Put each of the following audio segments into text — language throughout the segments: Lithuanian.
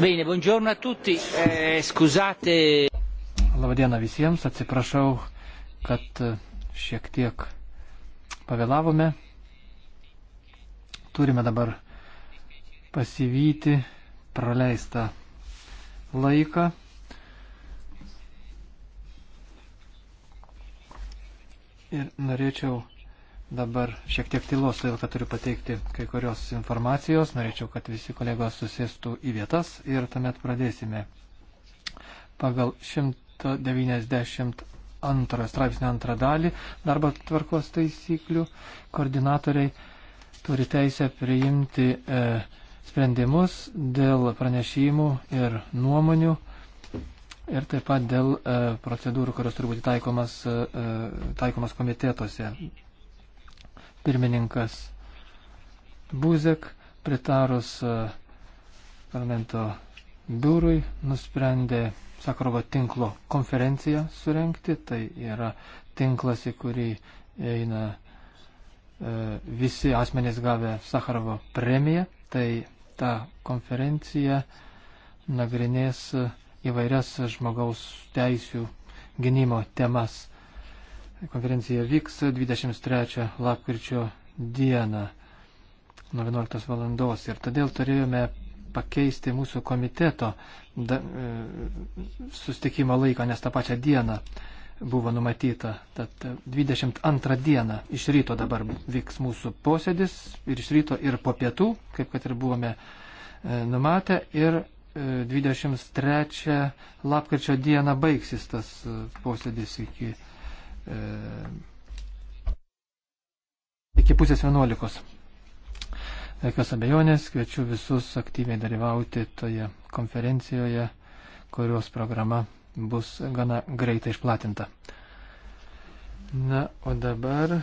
Bene, buongiorno a tutti, eh, scusate. Labadiena visiems, atsiprašau, kad e, šiek tiek pavėlavome. Turime dabar pasivyti praleistą laiką. Ir norėčiau Dabar šiek tiek tylos, todėl kad turiu pateikti kai kurios informacijos. Norėčiau, kad visi kolegos susėstų į vietas ir tuomet pradėsime. Pagal 192 straipsnio antrą dalį darbo tvarkos taisyklių koordinatoriai turi teisę priimti e, sprendimus dėl pranešimų ir nuomonių ir taip pat dėl e, procedūrų, kurios turi būti taikomas, e, e taikomas komitetuose pirmininkas Buzek pritarus e, parlamento biurui nusprendė Sakarovo tinklo konferenciją surenkti. Tai yra tinklas, į kurį eina e, visi asmenys gavę Sakarovo premiją. Tai ta konferencija nagrinės e, įvairias žmogaus teisių gynimo temas Konferencija vyks 23 lapkričio dieną nuo 11 valandos ir todėl turėjome pakeisti mūsų komiteto da, e, sustikimo laiką, nes tą pačią dieną buvo numatyta. Tad 22 dieną iš ryto dabar vyks mūsų posėdis ir iš ryto ir po pietų, kaip kad ir buvome e, numatę. Ir 23 e, lapkričio dieną baigsis tas posėdis iki E, iki pusės vienuolikos. Jokios abejonės, kviečiu visus aktyviai dalyvauti toje konferencijoje, kurios programa bus gana greitai išplatinta. Na, o dabar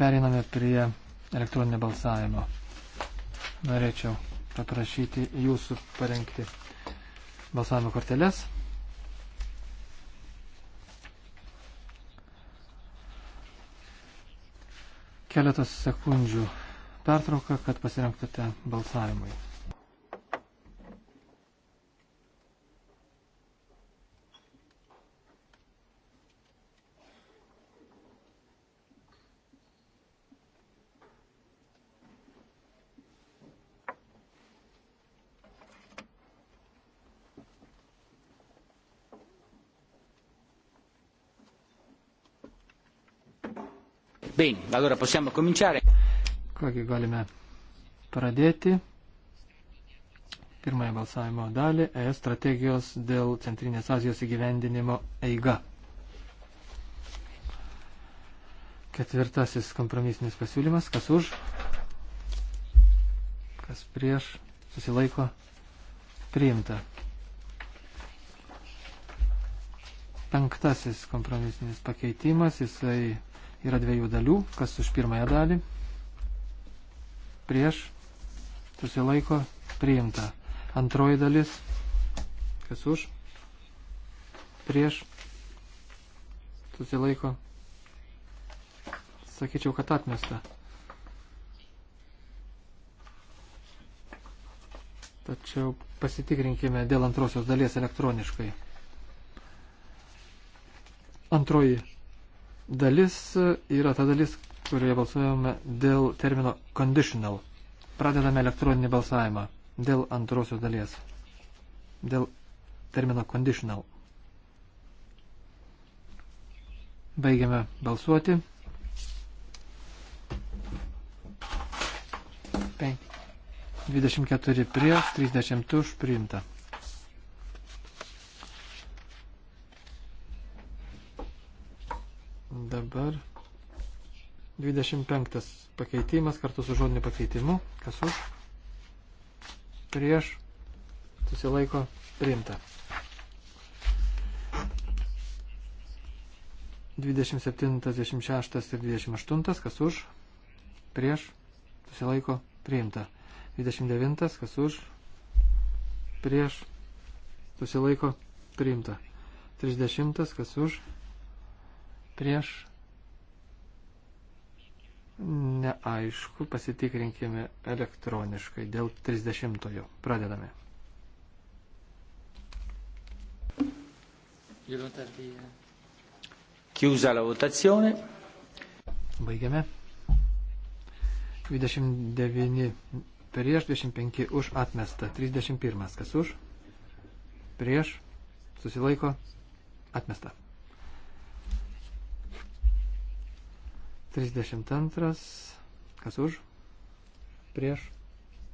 periname prie elektroninio balsavimo. Norėčiau paprašyti jūsų parengti balsavimo korteles. Keletas sekundžių pertrauka, kad pasirinktumėte balsavimui. Bene, allora possiamo cominciare. Kągi galime pradėti pirmąją balsavimo dalį ES strategijos dėl Centrinės Azijos įgyvendinimo eiga. Ketvirtasis kompromisinis pasiūlymas. Kas už? Kas prieš? Susilaiko? Priimta. Penktasis kompromisinis pakeitimas. Jisai yra dviejų dalių, kas už pirmąją dalį, prieš, susilaiko, priimta. Antroji dalis, kas už, prieš, susilaiko, sakyčiau, kad atmesta. Tačiau pasitikrinkime dėl antrosios dalies elektroniškai. Antroji dalis yra ta dalis, kurioje balsuojame dėl termino conditional. Pradedame elektroninį balsavimą dėl antrosios dalies. Dėl termino conditional. Baigiame balsuoti. 5. 24 prieš, 30 už priimta. Dabar 25 pakeitimas kartu su žodiniu pakeitimu. Kas už? Prieš. Susilaiko. Priimta. 27, 26 ir 28. Kas už? Prieš. Susilaiko. Priimta. 29. Kas už? Prieš. Susilaiko. Priimta. 30. Kas už? prieš neaišku, pasitikrinkime elektroniškai dėl 30-ojo. Pradedame. Chiusa la votazione. Baigiame. 29 prieš, 25 už atmesta. 31 kas už, prieš, susilaiko, atmesta. 32. Kas už? Prieš.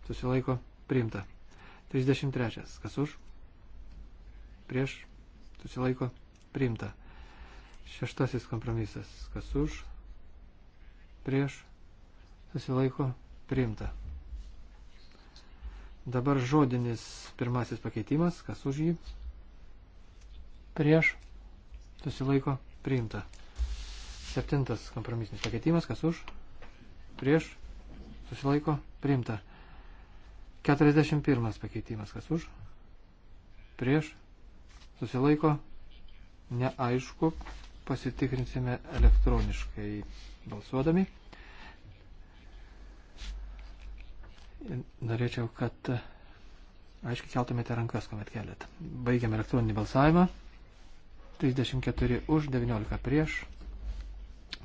Susilaiko. Priimta. 33. Kas už? Prieš. Susilaiko. Priimta. Šeštasis kompromisas. Kas už? Prieš. Susilaiko. Priimta. Dabar žodinis pirmasis pakeitimas. Kas už jį? Prieš. Susilaiko. Priimta. Septintas kompromisinis pakeitimas, kas už, prieš, susilaiko, priimta. 41 pakeitimas, kas už, prieš, susilaiko, neaišku, pasitikrinsime elektroniškai balsuodami. Norėčiau, kad aiškiai keltumėte rankas, kuomet keliat. Baigiam elektroninį balsavimą. 34 už, 19 prieš,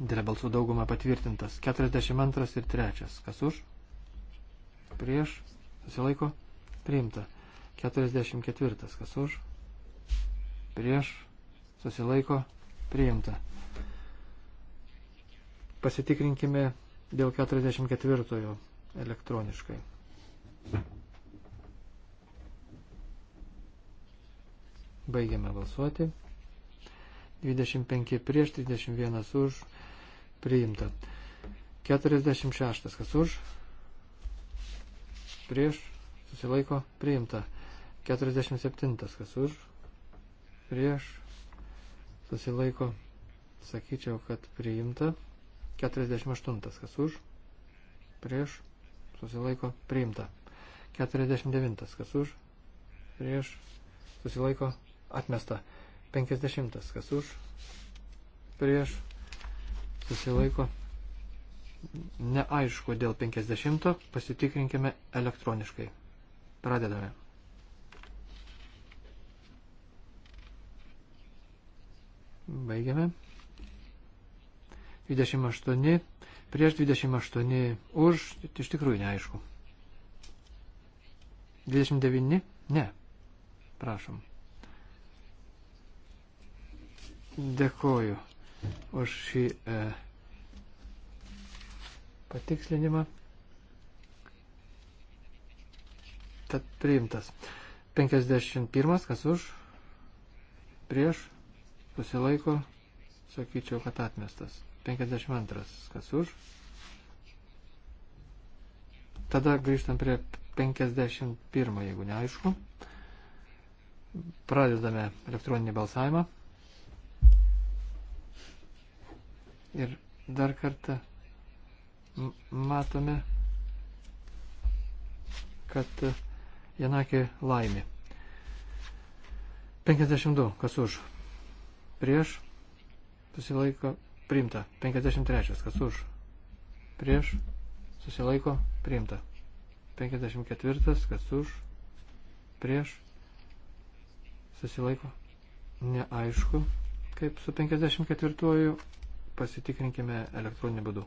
Dėlė balsų dauguma patvirtintas. 42 ir 3. Kas už? Prieš. Susilaiko. Priimta. 44. Kas už? Prieš. Susilaiko. Priimta. Pasitikrinkime dėl 44 elektroniškai. Baigiame balsuoti. 25 prieš, 31 už, priimta. 46 kas už, prieš, susilaiko, priimta. 47 kas už, prieš, susilaiko, sakyčiau, kad priimta. 48 kas už, prieš, susilaiko, priimta. 49 kas už, prieš, susilaiko, atmesta. 50. Kas už? Prieš. Susilaiko. Neaišku dėl 50. Pasitikrinkime elektroniškai. Pradedame. Baigiame. 28. Prieš 28 už. Iš tikrųjų neaišku. 29? Ne. Prašom. Dėkoju už šį e, patikslinimą. Tad priimtas. 51, kas už, prieš, susilaiko, sakyčiau, kad atmestas. 52, kas už. Tada grįžtam prie 51, jeigu neaišku. Pradedame elektroninį balsavimą. Ir dar kartą matome, kad e, Janakė laimė. 52, kas už. Prieš, susilaiko, priimta. 53, kas už. Prieš, susilaiko, priimta. 54, kas už. Prieš, susilaiko. Neaišku, kaip su 54 pasitikrinkime elektroninį būdų.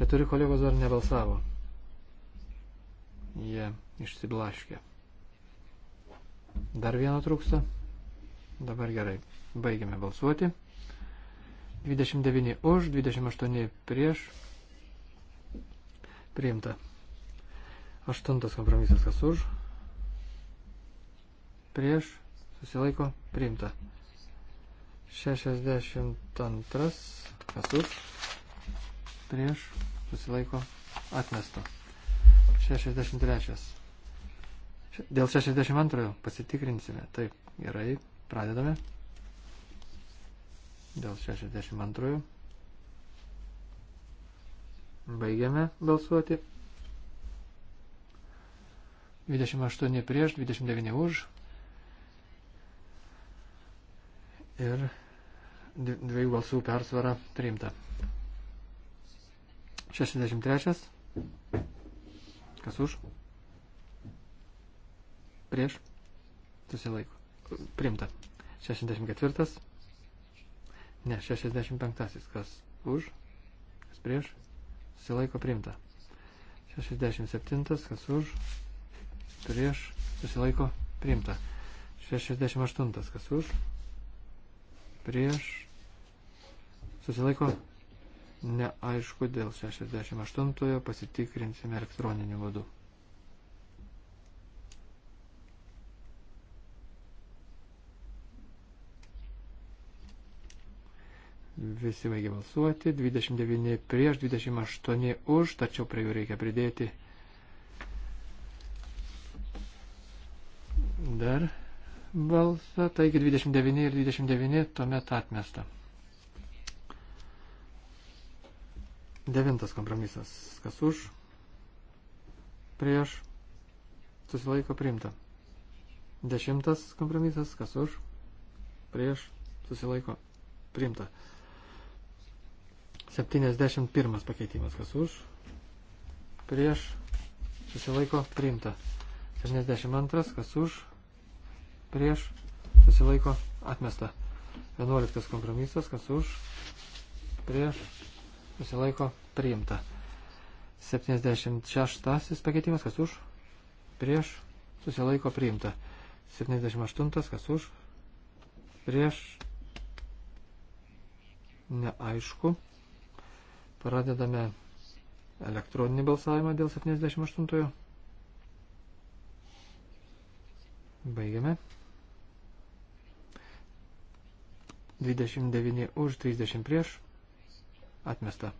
Keturi kolegos dar nebalsavo. Jie išsiblaškė. Dar vieno trūksta. Dabar gerai. Baigiame balsuoti. 29 už, 28 prieš. Priimta. Aštuntas kompromisas kas už. Prieš susilaiko priimta. 62 kas už. Prieš susilaiko atmesta. 63. Dėl 62 pasitikrinsime. Taip, gerai, pradedame. Dėl 62. Baigiame balsuoti. 28 prieš, 29 už ir dviejų balsų persvara priimta. 63. Kas už? Prieš. Susilaiko. Primta. 64. Ne, 65. Kas už? Kas prieš? Susilaiko primta. 67. Kas už? prieš, susilaiko priimta. 68 kas už, prieš, susilaiko neaišku dėl 68 pasitikrinsime elektroniniu būdu. Visi baigė balsuoti, 29 prieš, 28 už, tačiau prie jų reikia pridėti dar balsą, taigi 29 ir 29 tuomet atmesta. Devintas kompromisas. Kas už? Prieš. Susilaiko priimta. Dešimtas kompromisas. Kas už? Prieš. Susilaiko priimta. 71 pakeitimas. Kas už? Prieš. Susilaiko priimta. 72. Kas už? prieš, susilaiko, atmesta. 11 kompromisas, kas už, prieš, susilaiko, priimta. 76 pakeitimas, kas už, prieš, susilaiko, priimta. 78, kas už, prieš, neaišku. Pradedame elektroninį balsavimą dėl 78. Baigiame. 29 už, 30 prieš, atmesta.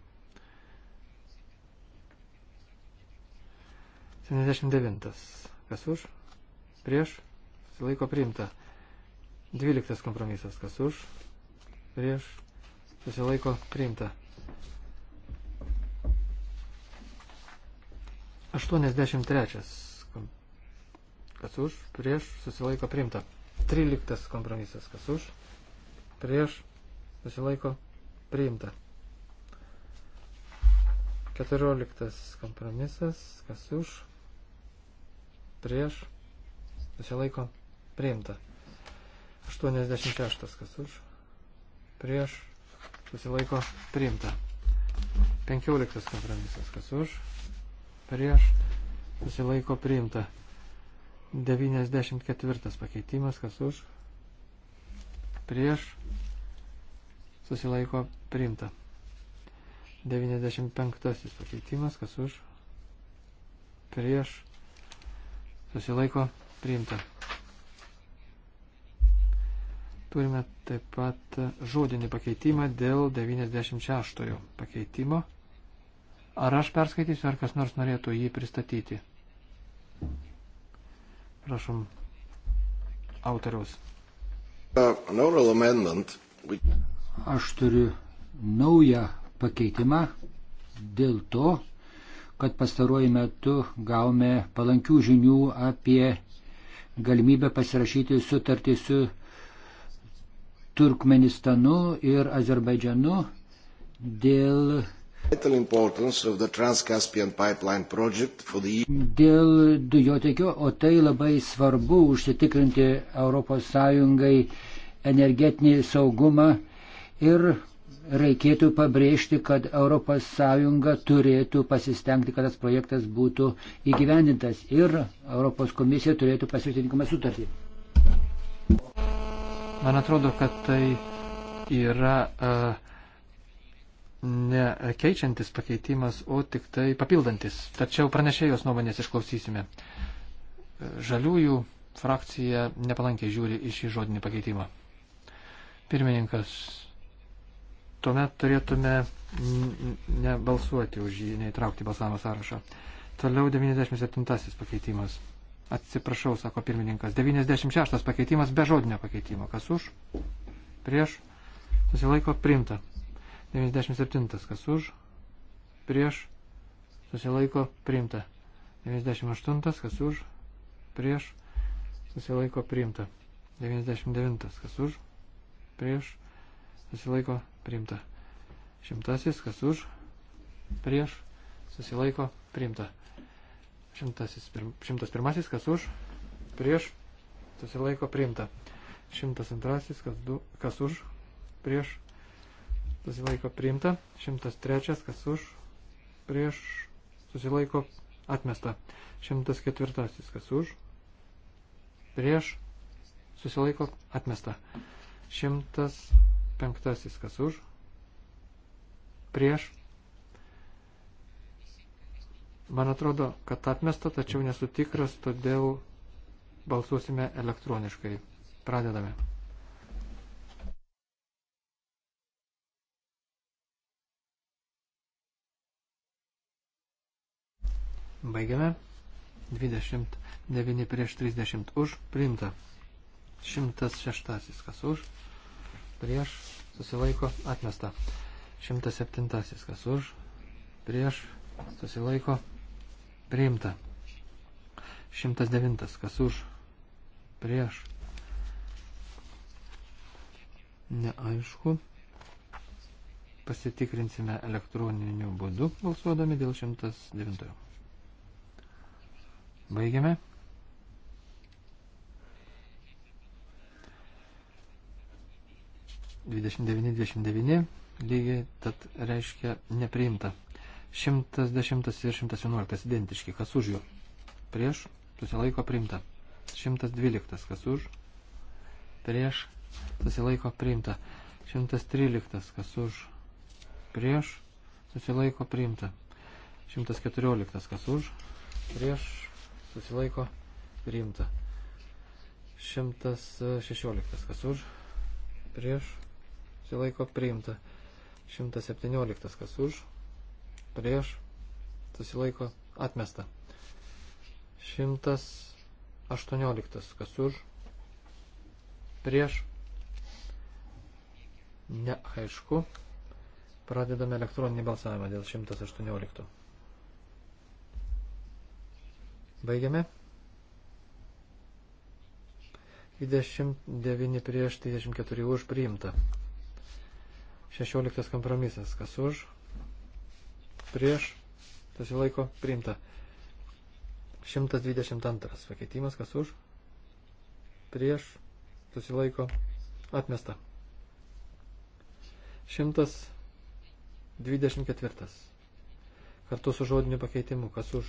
79. Kas už, prieš, laiko priimta. 12 kompromisas. Kas už, prieš, susilaiko priimta. 83. Kas už, prieš, susilaiko priimta. 13 kompromisas. Kas už, prieš, susilaiko, priimta. 14 kompromisas, kas už, prieš, susilaiko, priimta. 86 kas už, prieš, susilaiko, priimta. 15 kompromisas, kas už, prieš, susilaiko, priimta. 94 pakeitimas, kas už, prieš, susilaiko priimta. 95 pakeitimas, kas už, prieš, susilaiko priimta. Turime taip pat žodinį pakeitimą dėl 96 pakeitimo. Ar aš perskaitysiu, ar kas nors norėtų jį pristatyti? Prašom autoriaus. Uh, Aš turiu naują pakeitimą dėl to, kad pastaruoju metu gavome palankių žinių apie galimybę pasirašyti sutartį su Turkmenistanu ir Azerbaidžianu dėl E Dėl dujotekio, o tai labai svarbu užsitikrinti ES energetinį saugumą ir reikėtų pabrėžti, kad ES turėtų pasistengti, kad tas projektas būtų įgyvendintas ir ES komisija turėtų pasirinkimą sutartį. Man atrodo, kad tai yra uh, nekeičiantis pakeitimas, o tik tai papildantis. Tačiau pranešėjos nuomonės išklausysime. Žaliųjų frakcija nepalankiai žiūri į šį žodinį pakeitimą. Pirmininkas, tuomet turėtume nebalsuoti už jį, neįtraukti balsavimo sąrašą. Toliau 97 pakeitimas. Atsiprašau, sako pirmininkas. 96 pakeitimas be žodinio pakeitimo. Kas už? Prieš? Susilaiko primta. 97. Kas už? Prieš. Susilaiko priimta. 98. Kas už? Prieš. Susilaiko priimta. 99. Kas už? Prieš. Susilaiko priimta. Šimtasis. Kas už? Prieš. Susilaiko priimta. Šimtasis. Pir, šimtas pirmasis. Kas už? Prieš. Susilaiko priimta. Šimtas antrasis. Kas, du, kas už? Prieš susilaiko priimta, 103 kas už, prieš susilaiko atmesta, 104 kas už, prieš susilaiko atmesta, 105 kas už, prieš. Man atrodo, kad atmesta, tačiau nesu tikras, todėl balsuosime elektroniškai. Pradedame. Baigiame. 29 prieš 30 už. Priimta. 106 kas už. Prieš. Susilaiko. Atmesta. 107 kas už. Prieš. Susilaiko. Priimta. 109 kas už. Prieš. Neaišku pasitikrinsime elektroniniu būdu balsuodami dėl 109. Baigiame. Dvidešimt devyni, dvidešimt devyni lygiai, tad reiškia nepriimta. 110 ir 111 identiški, kas už jų. Prieš, susilaiko priimta. 112, kas už. Prieš, susilaiko priimta. 113, kas už. Prieš, susilaiko priimta. 114, kas už. Prieš, susilaiko priimta. 116 kas už, prieš susilaiko priimta. 117 kas už, prieš susilaiko atmesta. 118 kas už, prieš neaišku. Pradedame elektroninį balsavimą dėl 118. Baigiame. 29 prieš 34 už priimta. 16 kompromisas. Kas už? Prieš. Susilaiko. Priimta. 122 pakeitimas. Kas už? Prieš. Susilaiko. Atmesta. 124. Kartu su žodiniu pakeitimu. Kas už?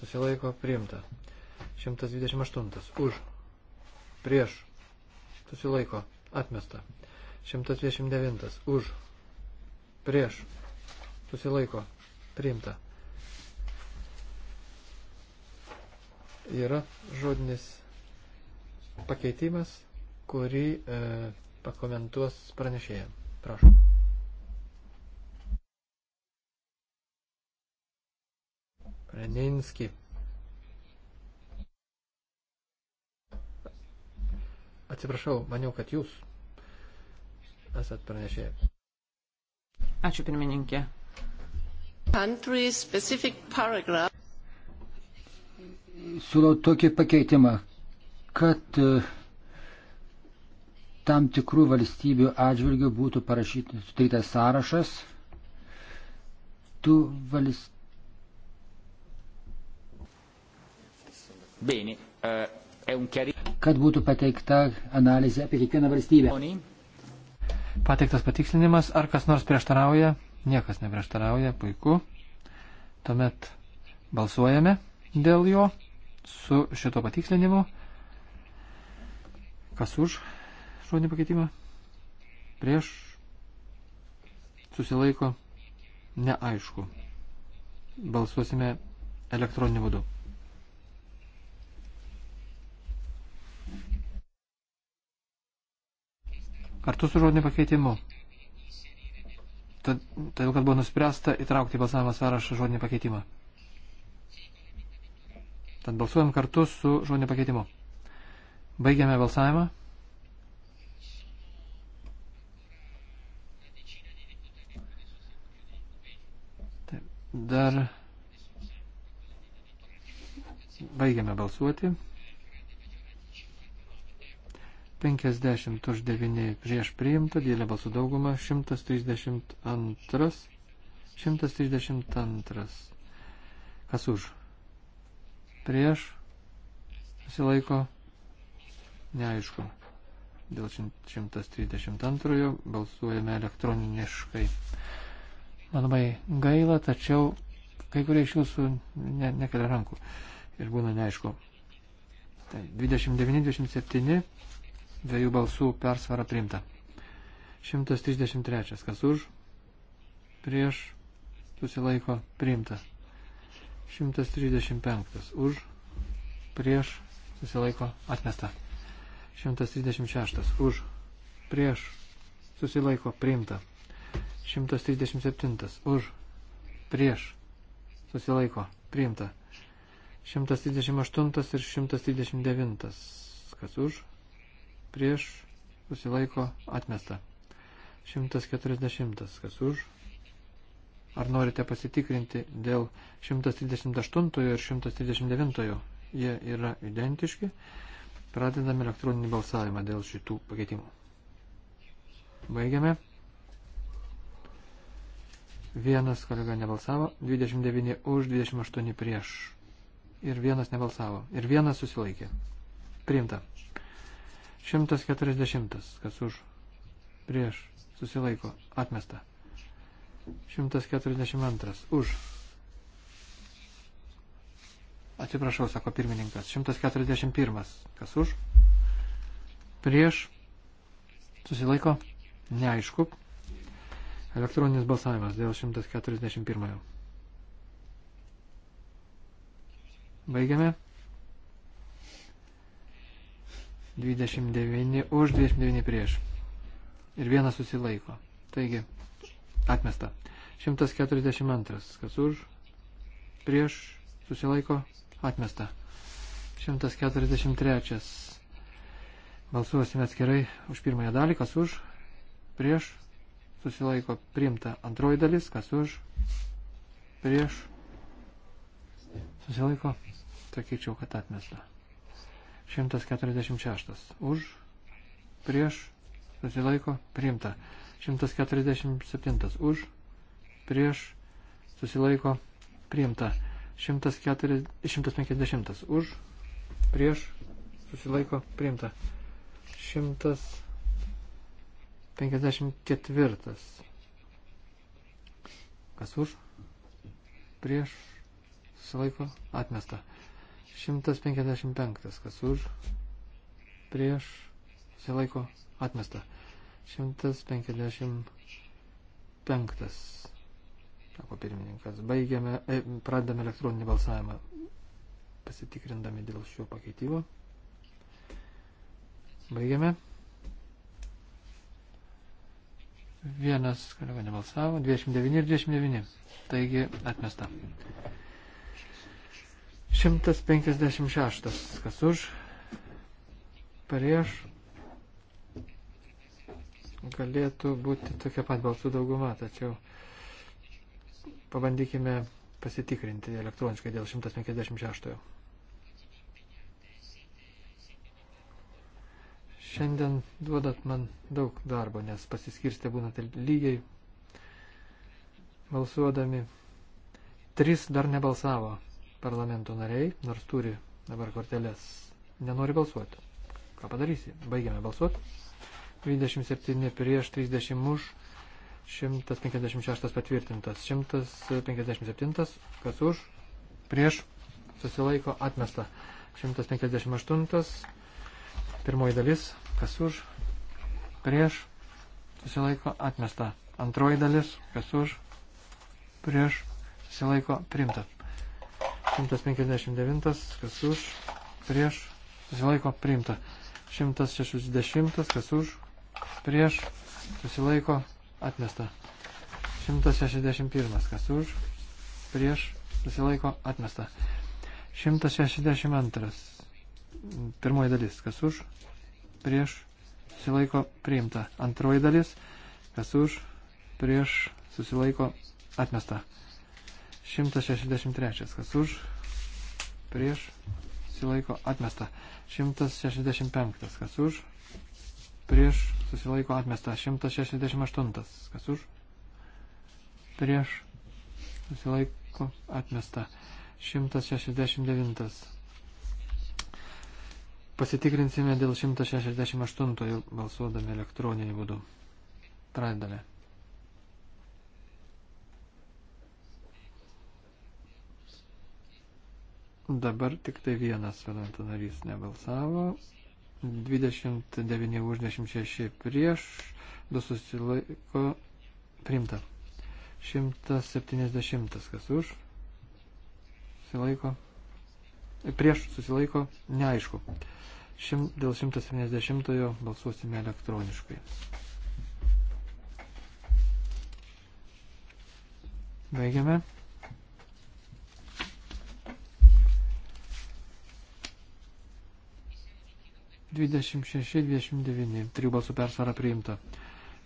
susilaiko priimta. 128 už, prieš, susilaiko atmesta. 129 už, prieš, susilaiko priimta. Yra žodinis pakeitimas, kurį e, pakomentuos pranešėjai. Prašau. Leninski. Atsiprašau, maniau, kad jūs esat pranešė. Ačiū pirmininkė. Siūlau tokį pakeitimą, kad e, tam tikrų valstybių atžvilgių būtų parašytas sąrašas tų valstybių Eh, Kad būtų pateikta analizė apie kiekvieną valstybę. Pateiktas patikslinimas, ar kas nors prieštarauja? Niekas neprieštarauja, puiku. Tuomet balsuojame dėl jo su šito patikslinimu. Kas už žodinį pakeitimą? Prieš? Susilaiko? Neaišku. Balsuosime elektroniniu būdu. kartu su žodiniu pakeitimu. Tad, todėl, kad buvo nuspręsta įtraukti į balsavimą sąrašą žodinį pakeitimą. Tad balsuojam kartu su žodiniu pakeitimu. Baigiame balsavimą. Taip, dar baigiame balsuoti. 50 už 9 prieš priimta, dėlė balsų dauguma 132. 132. Kas už? Prieš? Pasilaiko? Neaišku. Dėl 132 balsuojame elektroniškai. Man labai gaila, tačiau kai kurie iš jūsų ne, nekelia rankų ir būna neaišku. Tai 29, 27 dviejų balsų persvara priimta. 133. Kas už? Prieš susilaiko priimta. 135. Už? Prieš susilaiko atmesta. 136. Už? Prieš susilaiko priimta. 137. Už? Prieš susilaiko priimta. 138 ir 139. Kas už? prieš susilaiko atmesta. 140. Kas už? Ar norite pasitikrinti dėl 138 ir 139? Jie yra identiški. Pradedame elektroninį balsavimą dėl šitų pakeitimų. Baigiame. Vienas kolega nebalsavo, 29 už, 28 prieš. Ir vienas nebalsavo. Ir vienas susilaikė. Priimta. 140. Kas už? Prieš. Susilaiko. Atmesta. 142. Už. Atsiprašau, sako pirmininkas. 141. Kas už? Prieš. Susilaiko. Neaišku. Elektroninis balsavimas dėl 141. Baigiame. 29 už, 29 prieš. Ir vienas susilaiko. Taigi, atmesta. 142, kas už, prieš, susilaiko, atmesta. 143. Balsuosime atskirai už pirmąją dalį, kas už, prieš, susilaiko, priimta. Antroji dalis, kas už, prieš, susilaiko, sakyčiau, kad atmesta. 146. Už, prieš, susilaiko, priimta. 147. Už, prieš, susilaiko, priimta. 140, 150. Už, prieš, susilaiko, priimta. 154. Kas už, prieš, susilaiko, atmesta. 155. Kas už? Prieš. Silaiko. Atmesta. 155. Sako pirmininkas. Baigiame, e, pradame elektroninį balsavimą. Pasitikrindami dėl šio pakeitimo. Baigiame. Vienas kolega nebalsavo, 29 ir 29. Taigi atmesta. 156. Kas už? Prieš? Galėtų būti tokia pat balsų dauguma, tačiau pabandykime pasitikrinti elektroniškai dėl 156. Šiandien duodat man daug darbo, nes pasiskirstė būnate lygiai balsuodami. Tris dar nebalsavo parlamento nariai, nors turi dabar kortelės, nenori balsuoti. Ką padarysi? Baigiame balsuoti. 27 prieš, 30 už, 156 patvirtintas, 157 kas už, prieš, susilaiko atmesta. 158, pirmoji dalis, kas už, prieš, susilaiko atmesta. Antroji dalis, kas už, prieš, susilaiko primta. 159, kas už, prieš, susilaiko priimta. 160, kas už, prieš, susilaiko atmesta. 161, kas už, prieš, susilaiko atmesta. 162, pirmoji dalis, kas už, prieš, susilaiko priimta. Antroji dalis, kas už, prieš, susilaiko atmesta. 163. Kas už, prieš, susilaiko atmesta. 165. Kas už, prieš, susilaiko atmesta. 168. Kas už, prieš, susilaiko atmesta. 169. Pasitikrinsime dėl 168 balsuodami elektroniniu būdu. Pradedame. Dabar tik tai vienas senato narys nebalsavo. 29 už 26 prieš, 2 susilaiko primta. 170 kas už, susilaiko, prieš susilaiko, neaišku. Šim, dėl 170 balsuosime elektroniškai. Baigiame. 26-29. Trijų balsų persvara priimta.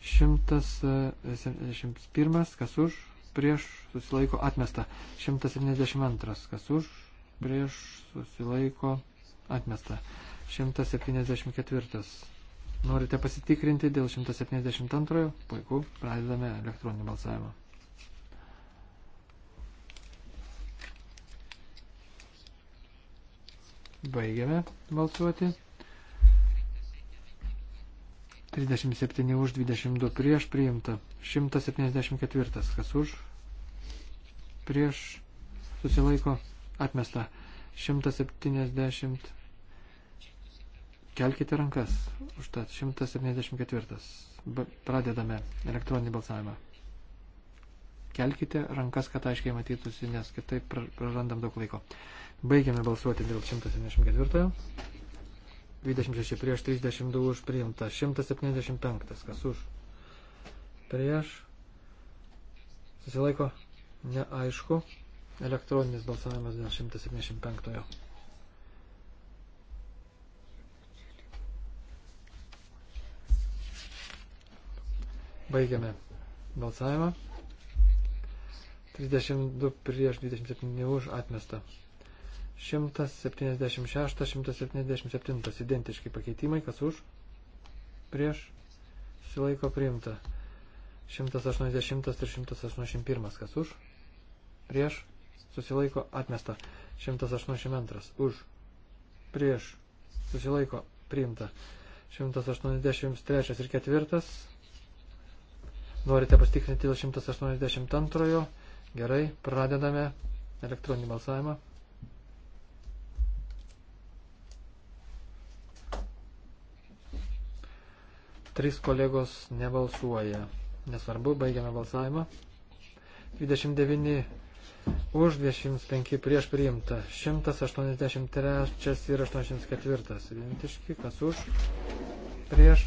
171, kas už, prieš, susilaiko, atmesta. 172, kas už, prieš, susilaiko, atmesta. 174. Norite pasitikrinti dėl 172? Puiku, pradedame elektroninį balsavimą. Baigiame balsuoti. 37 už 22 prieš priimta. 174 kas už. Prieš susilaiko atmesta. 170. Kelkite rankas. Užtat 174. Pradedame elektroninį balsavimą. Kelkite rankas, kad aiškiai matytųsi, nes kitaip prarandam daug laiko. Baigiame balsuoti dėl 174. 26 prieš 32 už priimta. 175. Kas už? Prieš. Susilaiko. Neaišku. Elektroninis balsavimas dėl 175. -ojo. Baigiame balsavimą. 32 prieš 27 už atmestą. 176-177 identiški pakeitimai, kas už, prieš, susilaiko priimta. 180 ir 181, kas už, prieš, susilaiko atmesta. 182, už, prieš, susilaiko priimta. 183 ir 4, norite pastikrinti dėl 182, gerai, pradedame elektroninį balsavimą. Trys kolegos nebalsuoja. Nesvarbu, baigiame balsavimą. 29 už 25 prieš priimta. 183 ir 84. Identiški, kas už, prieš,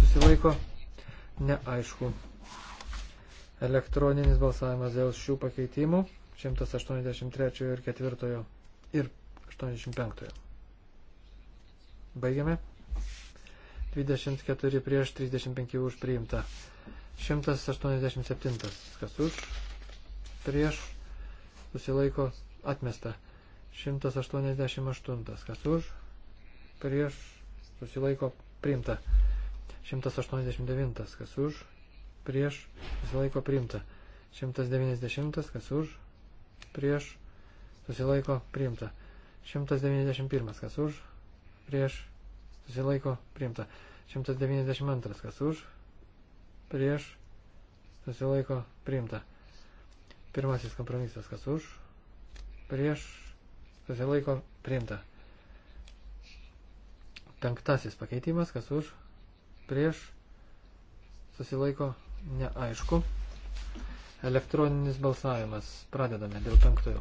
susilaiko, neaišku. Elektroninis balsavimas dėl šių pakeitimų. 183 ir 4 ir 85. Baigiame. 24 prieš 35 už priimta. 187. Kas už? Prieš. Susilaiko. Atmesta. 188. Kas už? Prieš. Susilaiko. Priimta. 189. Kas už? Prieš. Susilaiko. Priimta. 190. Kas už? Prieš. Susilaiko. Priimta. 191. Kas už? Prieš susilaiko priimta. 192 kas už, prieš, susilaiko priimta. Pirmasis kompromisas kas už, prieš, susilaiko priimta. Penktasis pakeitimas kas už, prieš, susilaiko neaišku. Elektroninis balsavimas. Pradedame dėl penktojo.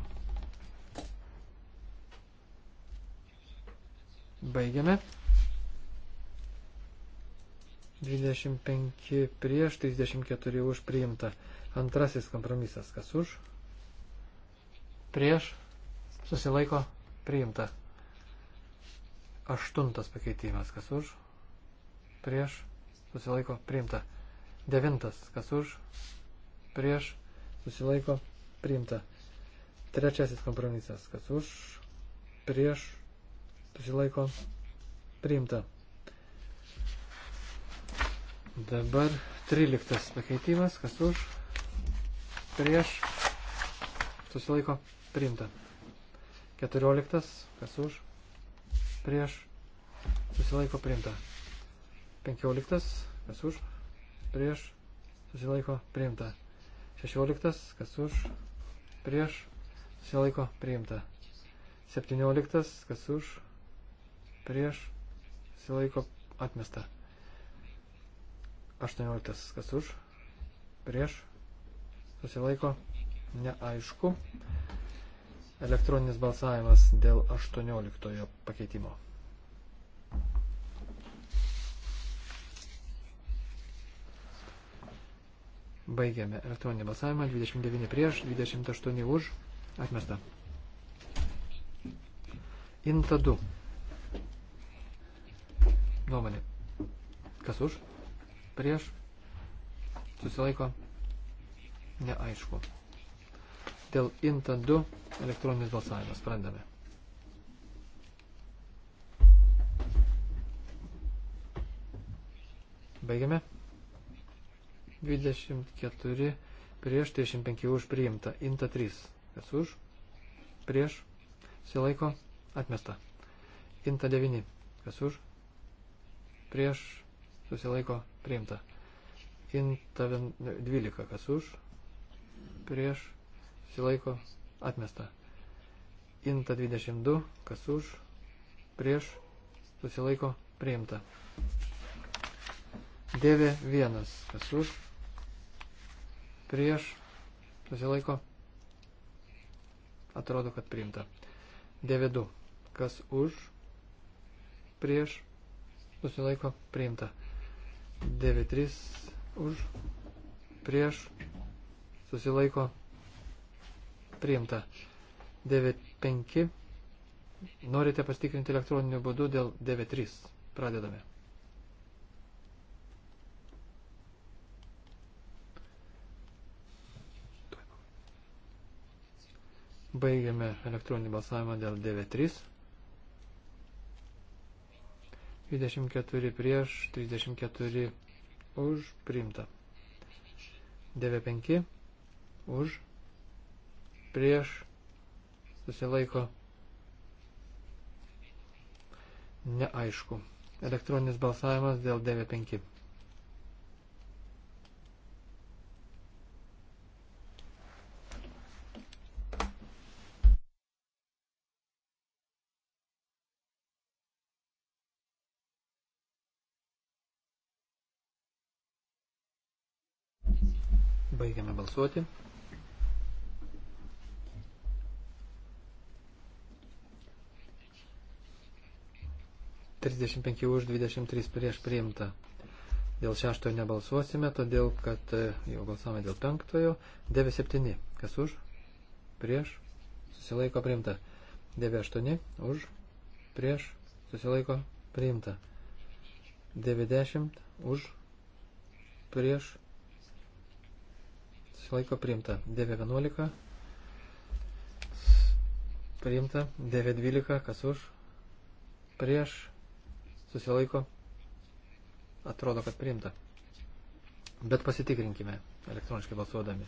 Baigiame. 25 prieš, 34 už priimta. Antrasis kompromisas, kas už? Prieš, susilaiko, priimta. Aštuntas pakeitimas, kas už? Prieš, susilaiko, priimta. Devintas, kas už? Prieš, susilaiko, priimta. Trečiasis kompromisas, kas už? Prieš, susilaiko, priimta. Dabar 13 pakeitimas, kas už, prieš, susilaiko, priimta. 14, kas už, prieš, susilaiko, priimta. 15, kas už, prieš, susilaiko, priimta. 16, kas už, prieš, susilaiko, priimta. 17, kas už, prieš, susilaiko, atmesta. 18. Kas už? Prieš? Susilaiko? Neaišku. Elektroninis balsavimas dėl 18 pakeitimo. Baigiame elektroninį balsavimą. 29 prieš, 28 už. Atmesta. Inta 2. Nuomonė. Kas už? prieš, susilaiko, neaišku. Dėl INTA 2 elektroninis balsavimas, sprendame. Baigiame. 24 prieš 35 už priimta. Inta 3. Kas už? Prieš. Silaiko. Atmesta. Inta 9. Kas už? Prieš susilaiko priimta. Inta 12, kas už, prieš, susilaiko atmesta. Inta 22, kas už, prieš, susilaiko priimta. Dėvė 1, kas už, prieš, susilaiko atrodo, kad priimta. Dėvė 2, kas už, prieš, susilaiko priimta. 93 už, prieš, susilaiko, priimta. 95, norite pastikrinti elektroniniu būdu dėl 93. Pradedame. Baigiame elektroninį balsavimą dėl 93. 24 prieš, 34 už, priimta. 95 už, prieš, susilaiko, neaišku. Elektroninis balsavimas dėl 95. balsuoti. Trisdešimt penki už, dvidešimt trys prieš priimta. Dėl šeštojo nebalsuosime, todėl kad e, jau balsavome dėl penktojo. 97. Kas už? Prieš. Susilaiko priimta. 98. Už. Prieš. Susilaiko priimta. 90. Už. Prieš. Susilaiko priimta. 9.11. Priimta. 9.12. Kas už? Prieš. Susilaiko. Atrodo, kad priimta. Bet pasitikrinkime elektroniškai balsuodami.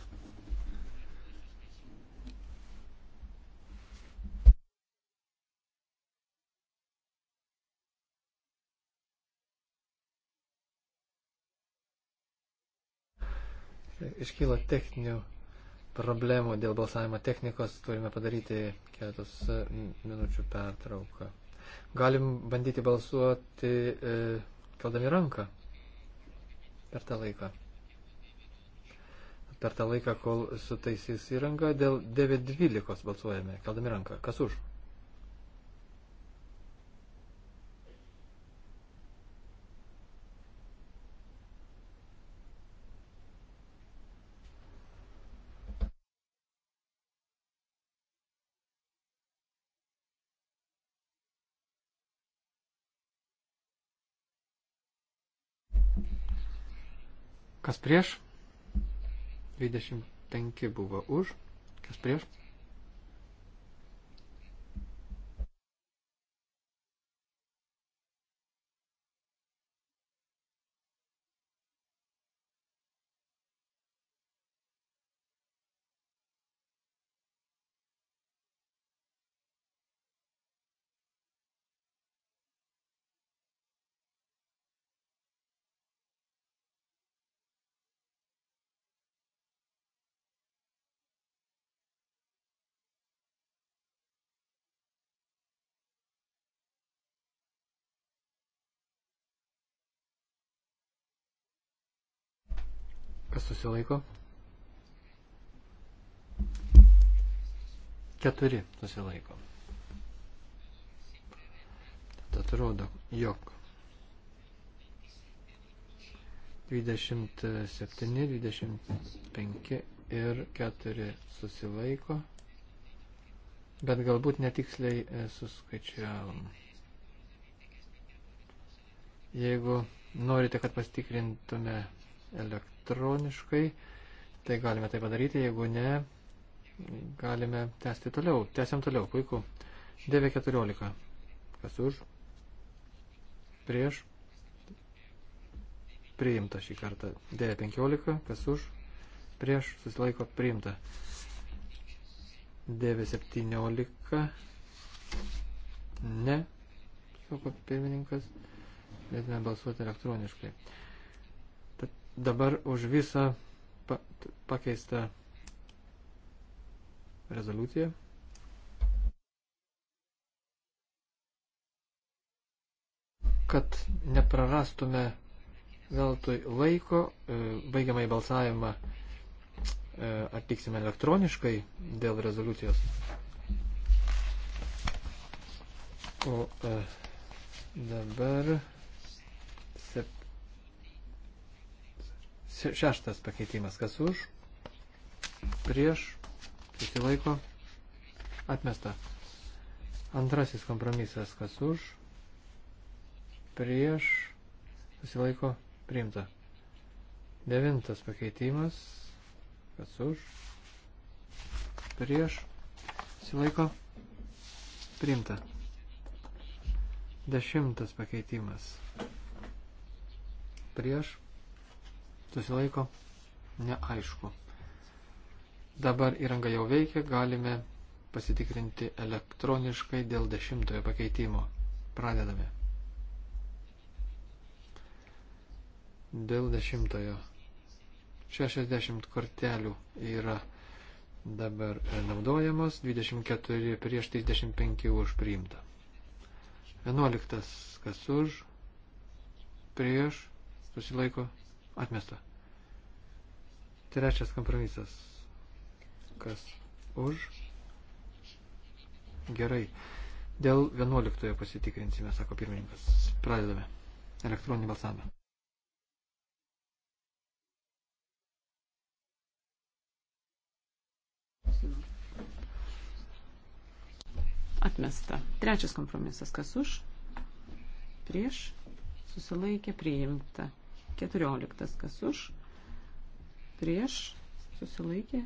iškylo techninių problemų dėl balsavimo technikos, turime padaryti keletos e, minučių pertrauką. Galim bandyti balsuoti e, keldami ranką per tą laiką. Per tą laiką, kol sutaisys įranga, dėl 9.12 balsuojame, keldami ranką. Kas už? Kas prieš? 25 buvo už. Kas prieš? kas susilaiko. Keturi susilaiko. Tad atrodo, jog 27, 25 ir 4 susilaiko, bet galbūt netiksliai e, suskaičiavom. Jeigu norite, kad pastikrintume elektroniką, elektroniškai. Tai galime tai padaryti, jeigu ne, galime tęsti toliau. Tęsiam toliau, puiku. 9.14. Kas už? Prieš? Priimta šį kartą. 9.15. Kas už? Prieš? Susilaiko priimta. 9.17. Ne. Sako pirmininkas. Galėtume balsuoti elektroniškai. 9.17 dabar už visą pa pakeistą rezoliuciją. Kad neprarastume veltui laiko, e, baigiamai balsavimą e, atliksime elektroniškai dėl rezoliucijos. O e, dabar Šeštas pakeitimas. Kas už? Prieš. Susilaiko. Atmesta. Antrasis kompromisas. Kas už? Prieš. Susilaiko. Priimta. Devintas pakeitimas. Kas už? Prieš. Susilaiko. Priimta. Dešimtas pakeitimas. Prieš susilaiko, neaišku. Dabar įranga jau veikia, galime pasitikrinti elektroniškai dėl dešimtojo pakeitimo. Pradedame. Dėl dešimtojo. 60 kortelių yra dabar naudojamos, 24 prieš 35 už priimta. 11 kas už, prieš, susilaiko, Atmesta. Trečias kompromisas. Kas už? Gerai. Dėl 11 pasitikrinsime, sako pirmininkas. Pradedame. Elektroninį balsavimą. Atmesta. Trečias kompromisas. Kas už? Prieš. Susilaikė. Priimta. 14. Kas už? Prieš. Susilaikė.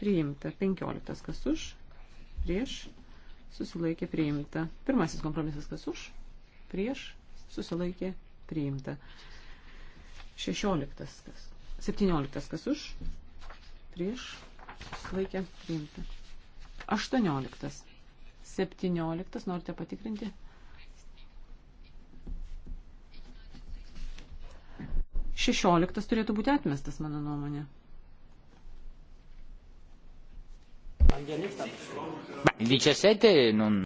Priimta. 15. Kas už? Prieš. Susilaikė. Priimta. Pirmasis kompromisas. Kas už? Prieš. Susilaikė. Priimta. 16. Kas. 17. Kas už? Prieš. Susilaikė. Priimta. 18. 17. Norite patikrinti? 16 turėtų būti atmestas, mano nuomonė. Ma, 17 non...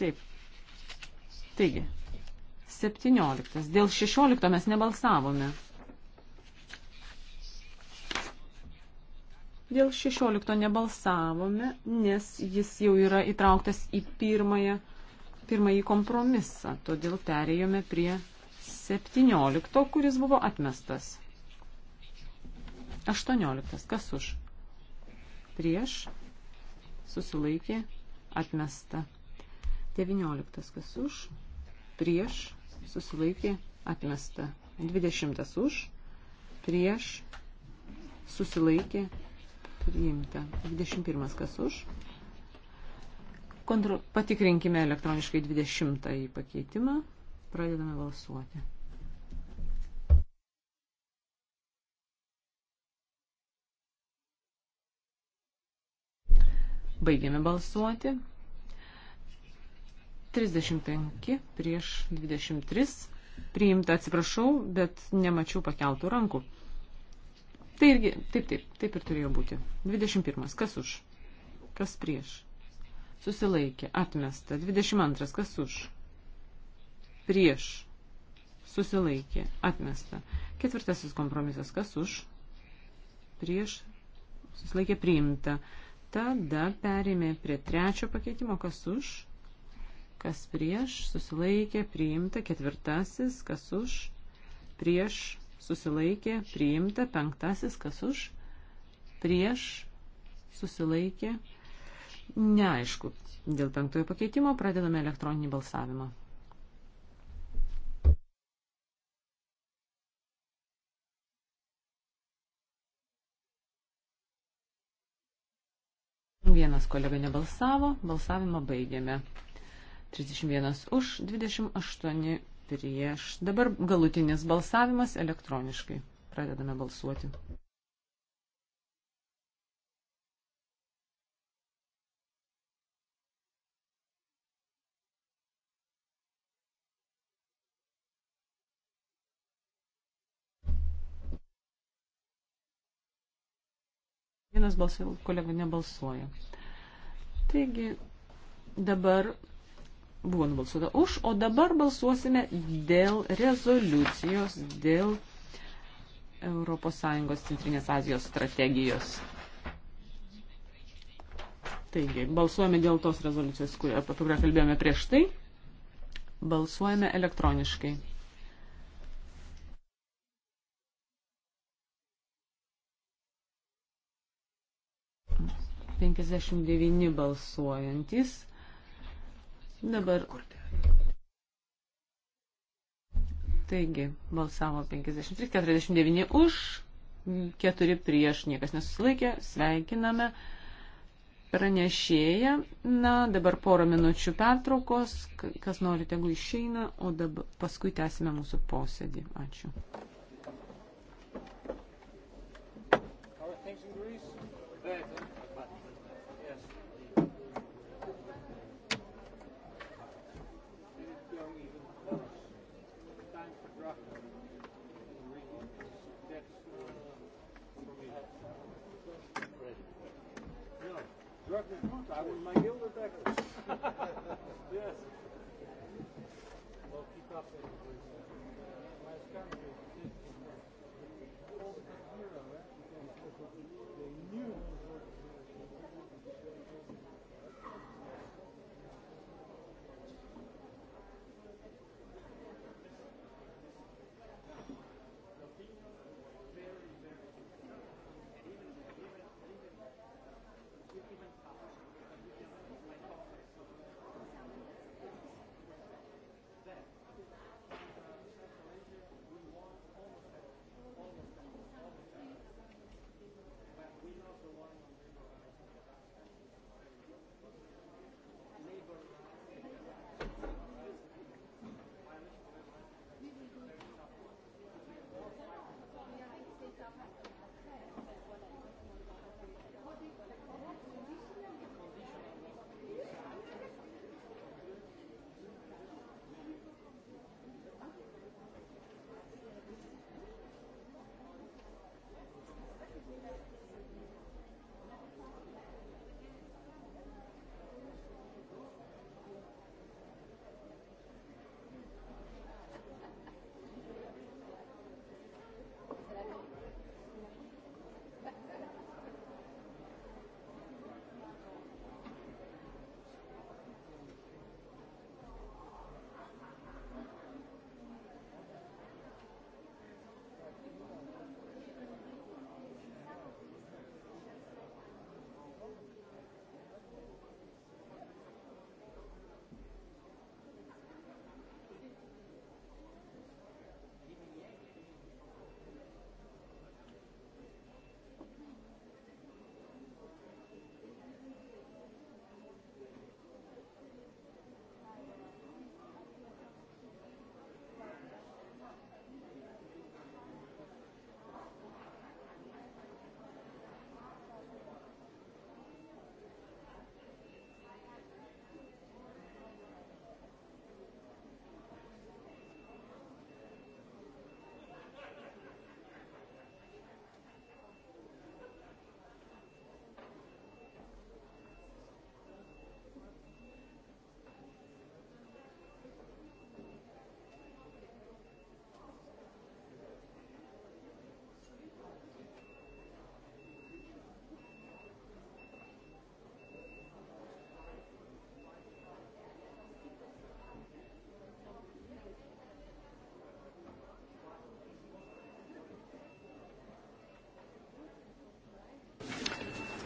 Taip. Taigi, 17. Dėl 16 mes nebalsavome. Dėl 16 nebalsavome, nes jis jau yra įtrauktas į pirmąją, pirmąjį kompromisą. Todėl perėjome prie 17, kuris buvo atmestas. 18. Kas už? Prieš. Susilaikė. Atmesta. 19. Kas už? Prieš. Susilaikė. Atmesta. 20. Už. Prieš. Susilaikė. Priimta. 21. Kas už? Kontro... Patikrinkime elektroniškai 20 pakeitimą. Pradedame balsuoti. Baigėme balsuoti. 35 prieš 23. Priimta, atsiprašau, bet nemačiau pakeltų rankų. Tai irgi, taip, taip, taip ir turėjo būti. 21. Kas už? Kas prieš? Susilaikė, atmesta. 22. Kas už? Prieš. Susilaikė, atmesta. Ketvirtasis kompromisas. Kas už? Prieš. Susilaikė, priimta. Tada perėmė prie trečio pakeitimo, kas už, kas prieš, susilaikė, priimta, ketvirtasis, kas už, prieš, susilaikė, priimta, penktasis, kas už, prieš, susilaikė. Neaišku, dėl penktojo pakeitimo pradedame elektroninį balsavimą. Vienas kolega nebalsavo, balsavimą baigėme. 31 už, 28 prieš. Dabar galutinis balsavimas elektroniškai. Pradedame balsuoti. Vienas balsai, kolega nebalsuoja. Taigi dabar buvo nubalsuota už, o dabar balsuosime dėl rezoliucijos, dėl ES Centrinės Azijos strategijos. Taigi, balsuojame dėl tos rezoliucijos, apie kurią kalbėjome prieš tai. Balsuojame elektroniškai. 59 balsuojantis. Dabar. Taigi, balsavo 53, 49 už, 4 prieš, niekas nesusilaikė, sveikiname pranešėją. Na, dabar porą minučių pertraukos, kas norite, jeigu išeina, o dabar paskui tęsime mūsų posėdį. Ačiū.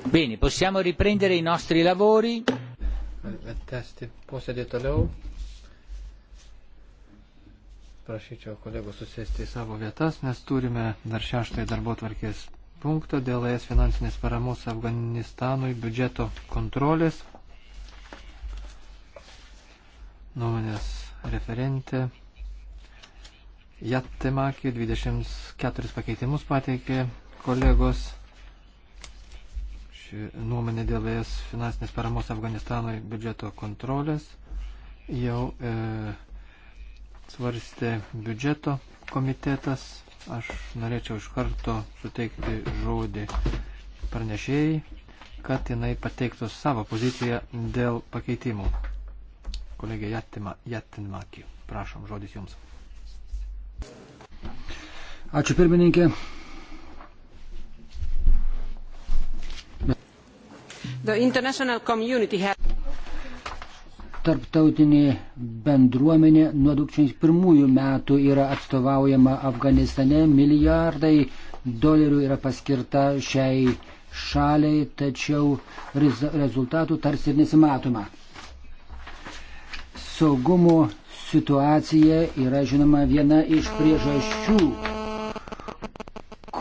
Bene, possiamo riprendere i nostri lavori. Tęsti posėdį toliau. Prašyčiau kolegų susėsti į savo vietas, nes turime dar šeštąjį darbo tvarkės punktą dėl ES finansinės paramos Afganistanui biudžeto kontrolės. Nuomonės referentė Jattemaki 24 pakeitimus pateikė kolegos ši nuomonė dėl es finansinės paramos Afganistanui biudžeto kontrolės jau e, svarstė biudžeto komitetas. Aš norėčiau iš karto suteikti žodį pranešėjai, kad jinai pateiktų savo poziciją dėl pakeitimų. Kolegė Jatinmaki, prašom, žodis jums. Ačiū pirmininkė. Tarptautinė bendruomenė nuo 2001 metų yra atstovaujama Afganistane, milijardai dolerių yra paskirta šiai šaliai, tačiau rezultatų tarsi ir nesimatoma. Saugumo situacija yra žinoma viena iš priežasčių,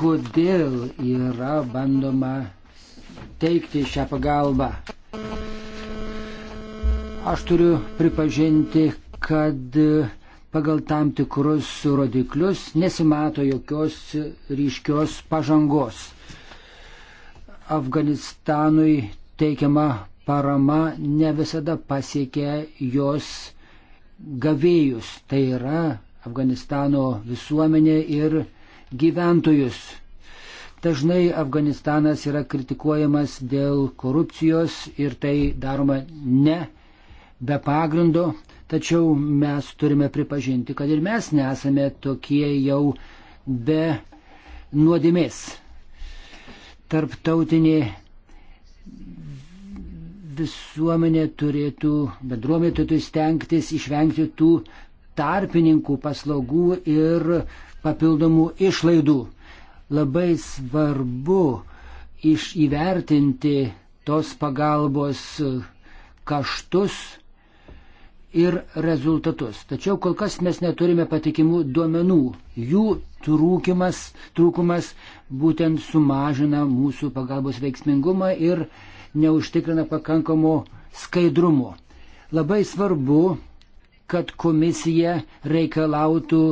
kodėl yra bandoma teikti šią pagalbą. Aš turiu pripažinti, kad pagal tam tikrus rodiklius nesimato jokios ryškios pažangos. Afganistanui teikiama parama ne visada pasiekia jos gavėjus, tai yra Afganistano visuomenė ir gyventojus. Dažnai Afganistanas yra kritikuojamas dėl korupcijos ir tai daroma ne be pagrindo, tačiau mes turime pripažinti, kad ir mes nesame tokie jau be nuodėmės. Tarptautinė visuomenė turėtų, bendruomenė turėtų stengtis išvengti tų tarpininkų paslaugų ir papildomų išlaidų labai svarbu iš įvertinti tos pagalbos kaštus ir rezultatus. Tačiau kol kas mes neturime patikimų duomenų. Jų trūkimas, trūkumas būtent sumažina mūsų pagalbos veiksmingumą ir neužtikrina pakankamo skaidrumo. Labai svarbu, kad komisija reikalautų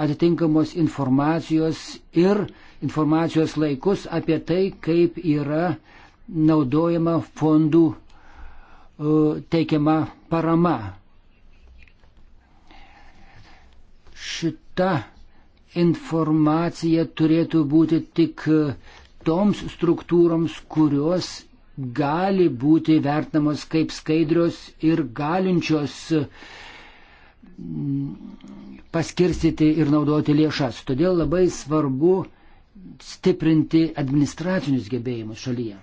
atitinkamos informacijos ir informacijos laikus apie tai, kaip yra naudojama fondų e, teikiama parama. Šita informacija turėtų būti tik toms struktūroms, kurios gali būti vertinamos kaip skaidrios ir galinčios uh, paskirstyti ir naudoti lėšas. Todėl labai svarbu stiprinti administracinius gebėjimus šalyje.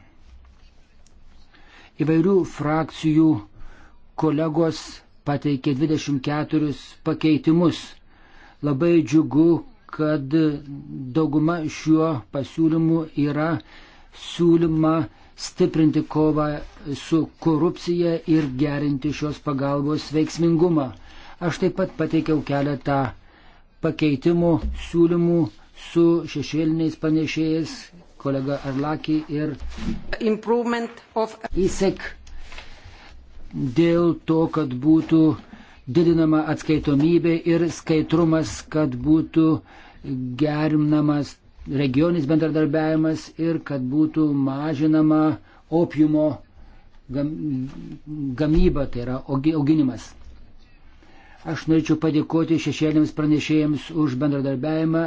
Įvairių frakcijų kolegos pateikė 24 pakeitimus. Labai džiugu, kad dauguma šiuo pasiūlymu yra siūlyma stiprinti kovą su korupcija ir gerinti šios pagalbos veiksmingumą. Aš taip pat pateikiau keletą pakeitimų siūlymų su šešėliniais panešėjais kolega Arlaki ir of... Įsek dėl to, kad būtų didinama atskaitomybė ir skaidrumas, kad būtų gerinamas regioninis bendradarbiavimas ir kad būtų mažinama opiumo gamyba, tai yra auginimas. Aš norėčiau padėkoti šešėlėms pranešėjams už bendradarbiavimą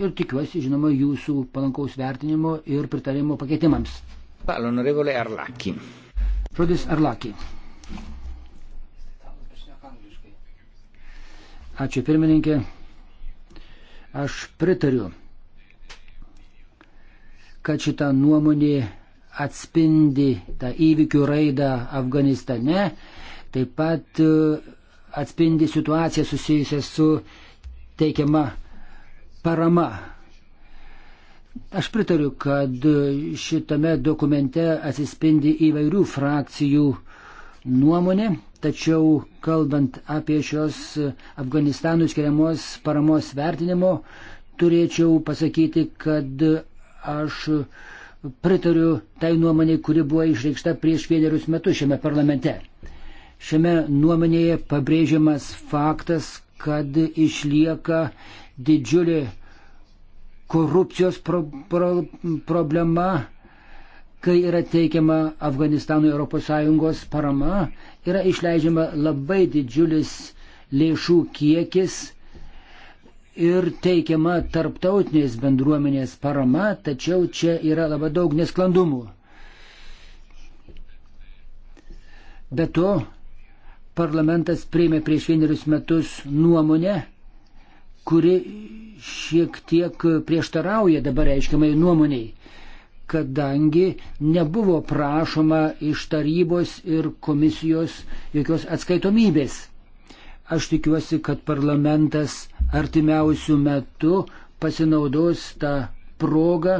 ir tikiuosi, žinoma, jūsų palankaus vertinimo ir pritarimo pakeitimams. L'onorevole Arlacchi. Žodis Arlacchi. Ačiū pirmininkė. Aš pritariu, kad šita nuomonė atspindi tą įvykių raidą Afganistane, taip pat atspindi situaciją susijusią su teikiama parama. Aš pritariu, kad šitame dokumente atsispindi įvairių frakcijų nuomonė, tačiau kalbant apie šios Afganistanų skiriamos paramos vertinimo, turėčiau pasakyti, kad aš pritariu tai nuomonė, kuri buvo išreikšta prieš vienerius metus šiame parlamente. Šiame nuomonėje pabrėžiamas faktas, kad išlieka didžiulė korupcijos pro, pro, problema, kai yra teikiama Afganistanui ES parama, yra išleidžiama labai didžiulis lėšų kiekis ir teikiama tarptautinės bendruomenės parama, tačiau čia yra labai daug nesklandumų. Be to, parlamentas prieimė prieš vienerius metus nuomonę, kuri šiek tiek prieštarauja dabar reiškiamai nuomoniai, kadangi nebuvo prašoma iš tarybos ir komisijos jokios atskaitomybės. Aš tikiuosi, kad parlamentas artimiausių metų pasinaudos tą progą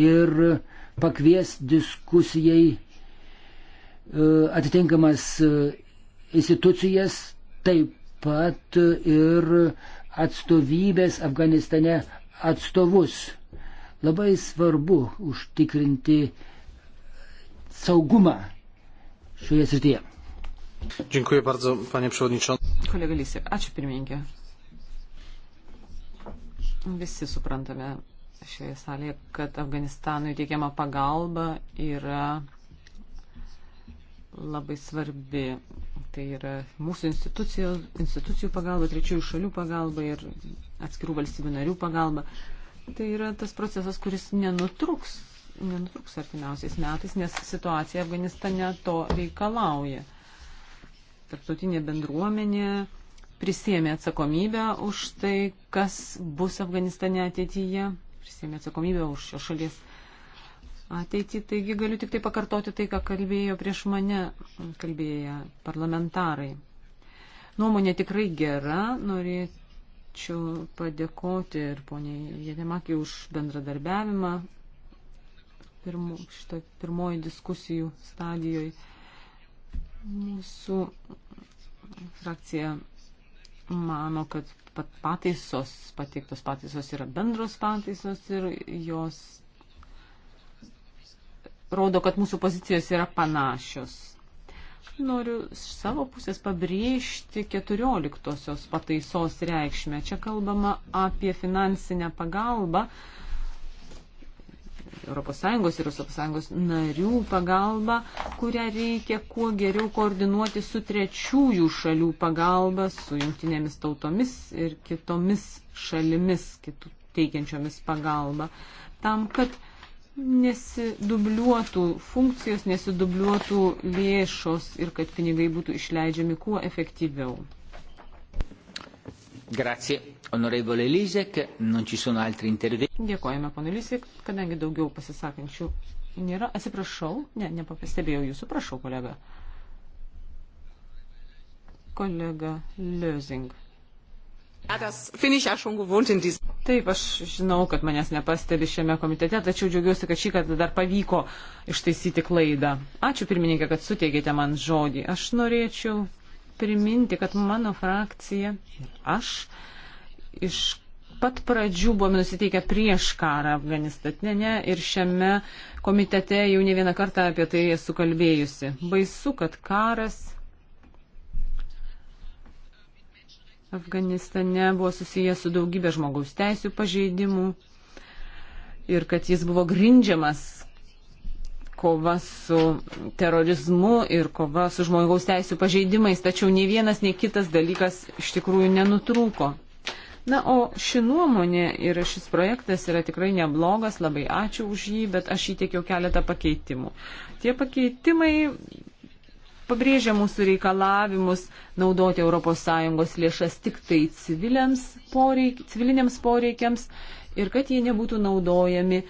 ir pakvies diskusijai e, atitinkamas e, institucijas, taip pat ir atstovybės Afganistane atstovus. Labai svarbu užtikrinti saugumą šioje srityje. Dziękuję bardzo, panie przewodniczący. Kolega Lisė, ačiū pirmininkė. Visi suprantame šioje salėje, kad Afganistanui teikiama pagalba yra labai svarbi. Tai yra mūsų institucijų pagalba, trečiųjų šalių pagalba ir atskirų valstybių narių pagalba. Tai yra tas procesas, kuris nenutruks, nenutruks artimiausiais metais, nes situacija Afganistane to reikalauja. Tarptautinė bendruomenė prisėmė atsakomybę už tai, kas bus Afganistane ateityje, prisėmė atsakomybę už šios šalies ateitį. Taigi galiu tik tai pakartoti tai, ką kalbėjo prieš mane kalbėję parlamentarai. Nuomonė tikrai gera. Norėčiau padėkoti ir poniai Jėdemakį už bendradarbiavimą pirmo, šito, pirmoji diskusijų stadijoje. Mūsų frakcija mano, kad pataisos, pateiktos pataisos yra bendros pataisos ir jos rodo, kad mūsų pozicijos yra panašios. Noriu iš savo pusės pabrėžti 14-osios pataisos reikšmę. Čia kalbama apie finansinę pagalbą, ES ir ES narių pagalbą, kurią reikia kuo geriau koordinuoti su trečiųjų šalių pagalba, su jungtinėmis tautomis ir kitomis šalimis, kitų teikiančiomis pagalbą, tam, kad nesidubliuotų funkcijos, nesidubliuotų lėšos ir kad pinigai būtų išleidžiami kuo efektyviau. Grazie. Onorevole Lisek, non ci sono altri interventi. Dėkojame, pana Lisek, kadangi daugiau pasisakančių nėra. Atsiprašau, ne, nepapastebėjau jūsų, prašau, kolega. Kolega Lösing. Taip, aš žinau, kad manęs nepastebi šiame komitete, tačiau džiaugiuosi, kad šį kartą dar pavyko ištaisyti klaidą. Ačiū pirmininkė, kad suteikėte man žodį. Aš norėčiau priminti, kad mano frakcija ir aš iš pat pradžių buvome nusiteikę prieš karą Afganistane ir šiame komitete jau ne vieną kartą apie tai esu kalbėjusi. Baisu, kad karas Afganistane buvo susijęs su daugybė žmogaus teisų pažeidimų ir kad jis buvo grindžiamas kova su terorizmu ir kova su žmogaus teisų pažeidimais, tačiau nei vienas, nei kitas dalykas iš tikrųjų nenutrūko. Na, o ši nuomonė ir šis projektas yra tikrai neblogas, labai ačiū už jį, bet aš įtiekiau keletą pakeitimų. Tie pakeitimai pabrėžia mūsų reikalavimus naudoti ES lėšas tik tai poreik, civiliniams poreikiams ir kad jie nebūtų naudojami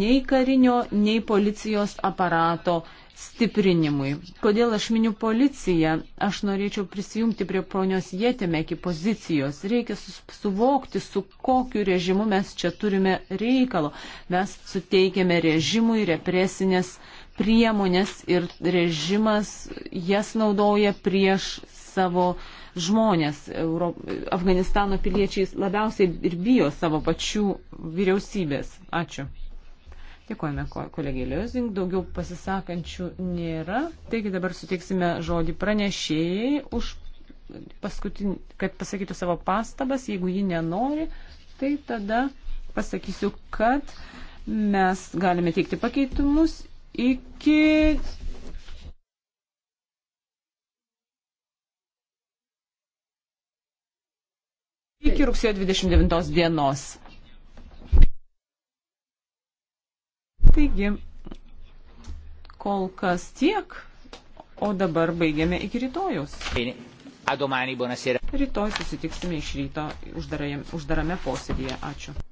nei karinio, nei policijos aparato stiprinimui. Kodėl aš miniu policiją? Aš norėčiau prisijungti prie ponios Jėtemeki pozicijos. Reikia suvokti, su kokiu režimu mes čia turime reikalo. Mes suteikėme režimui represinės uh, priemonės ir režimas jas naudoja prieš savo žmonės. Euro, Afganistano piliečiai labiausiai ir bijo savo pačių vyriausybės. Ačiū. Dėkojame kolegiai Liozing, daugiau pasisakančių nėra. Taigi dabar suteiksime žodį pranešėjai už paskutinį, kad pasakytų savo pastabas, jeigu ji nenori, tai tada pasakysiu, kad mes galime teikti pakeitimus iki. Iki rugsėjo 29 dienos. Taigi, kol kas tiek, o dabar baigiame iki rytojus. Rytoj susitiksime iš ryto uždarame posėdėje. Ačiū.